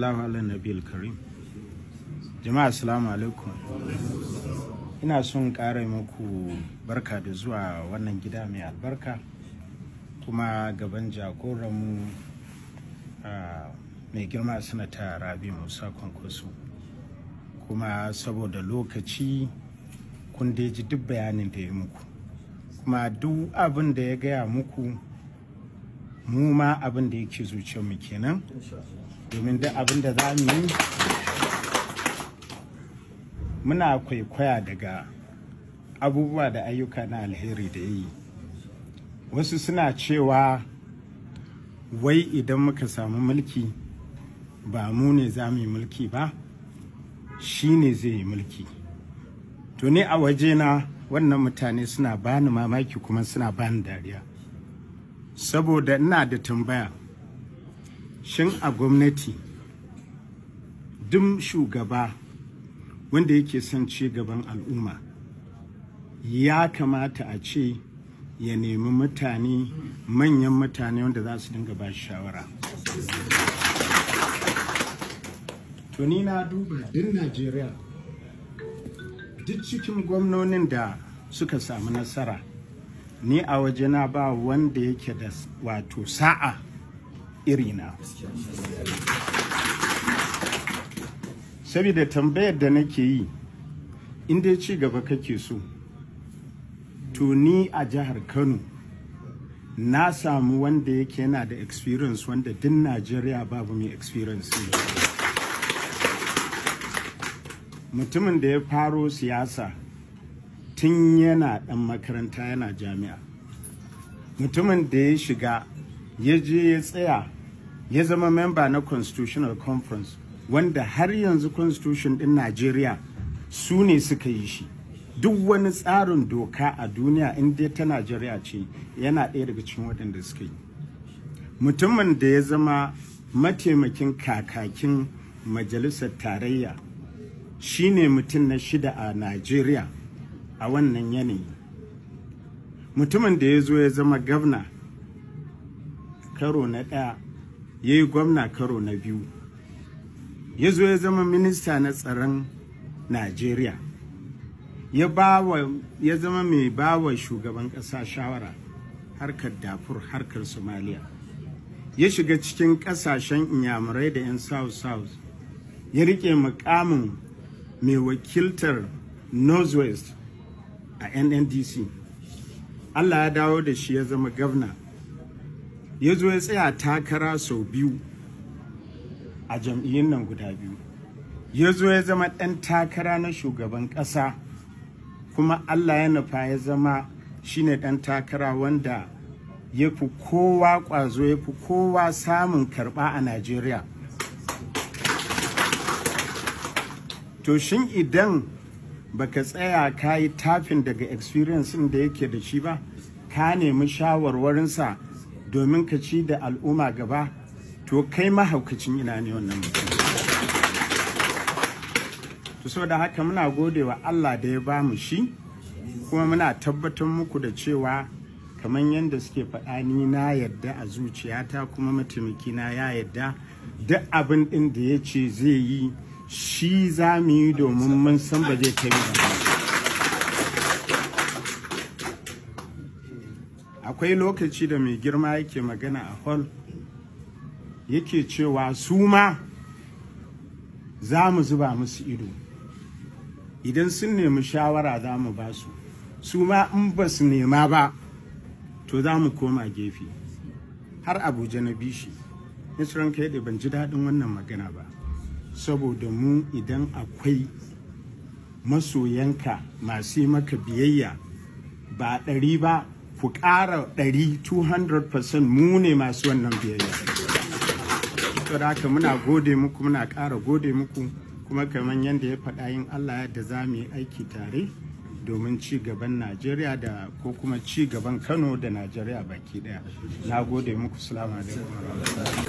Allahu ala nabil karim jama'a assalamu alaikum ina son ƙara muku barka da zuwa wannan gida mai albarka kuma gaban jagoran mu mai girma sanata rabi musa kwankwaso kuma saboda lokaci kun ji duk bayanin da ya muku kuma duk abin da ya gaya muku mu ma abin da yake mu kenan domin duk abin da za mu yi muna kwaikwaya daga abubuwa da ayyuka na alheri da yi wasu suna cewa wai idan muka samu mulki ba mu ne za mu yi mulki ba shi ne zai yi mulki to ne a na wannan mutane suna bani mamaki kuma suna bani dariya saboda ina da tambaya shin a gwamnati duk shugaba wanda yake son ci gaban al'umma ya kamata a ce ya nemi mutane manyan mutane wanda za su dinga ba shawara tuni na duba duk najeriya duk cikin gwamnonin da suka samu nasara ni a waje na ba wanda yake da wato sa'a iri na. saboda tambayar da nake yi inda ci gaba kake so to ni a jihar kano na samu wanda yake yana da experience wanda din najeriya babu mai experience ne. mutumin da ya faro siyasa tun yana ɗan makaranta yana jami'a mutumin da ya shiga ya je ya tsaya ya zama memba na constitutional conference wanda har yanzu constitution ɗin nigeria su ne suka yi shi duk wani tsarin doka a duniya inda ta nigeria ce yana ɗaya daga cikin waɗanda suka yi mutumin da ya zama mataimakin kakakin majalisar tarayya shine mutum na shida a nigeria. a wannan yanayi mutumin da ya zo ya zama gwamna karo na ɗaya ya yi gwamna karo na biyu ya zo ya zama minista na tsaron najeriya ya zama mai bawa shugaban ƙasa shawara harkar dafur harkar somaliya ya shiga cikin ƙasashen inyamurai da 'yan south south ya rike mukamin mai wakiltar northwest a nndc allah ya dawo da shi ya zama gavna ya zo ya tsaya takara sau biyu a jam'iyyun nan guda biyu ya zo ya zama ɗan takara na shugaban ƙasa kuma allah ya nufa ya zama shi ne ɗan takara wanda ya fi kowa ƙwazo ya fi kowa samun karɓa a najeriya to shin idan baka tsaya ka yi tafin daga experience da yake da shi ba ka nemi shawarwarinsa domin ka ci da al'umma gaba to kai mahaukacin ina ne wannan mutum to saboda haka muna gode wa Allah da ya ba mu shi kuma muna tabbatar muku da cewa kamar yadda suke faɗa ni na yadda a zuciyata kuma mataimakina ya yadda duk abin ɗin da ya ce zai yi shi za mu yi domin mun san ba zai kai ba akwai lokaci da mai girma yake magana a hall yake cewa su ma za mu zuba musu ido idan sun nemi shawara za mu ba su su ma in ba su nema ba to za mu koma gefe har abuja na bishi shi kai da ban ji daɗin wannan magana ba saboda mu idan akwai masoyanka masu maka biyayya ba ɗari ba ku ƙara ɗari 200% mu ne masu wannan biyayya saboda haka muna gode muku muna ƙara gode muku kuma kamar yadda ya faɗa yin allah yadda za mu yi aiki tare domin ci gaban najeriya da ko kuma ci gaban kano da najeriya baki daya na gode muku salama da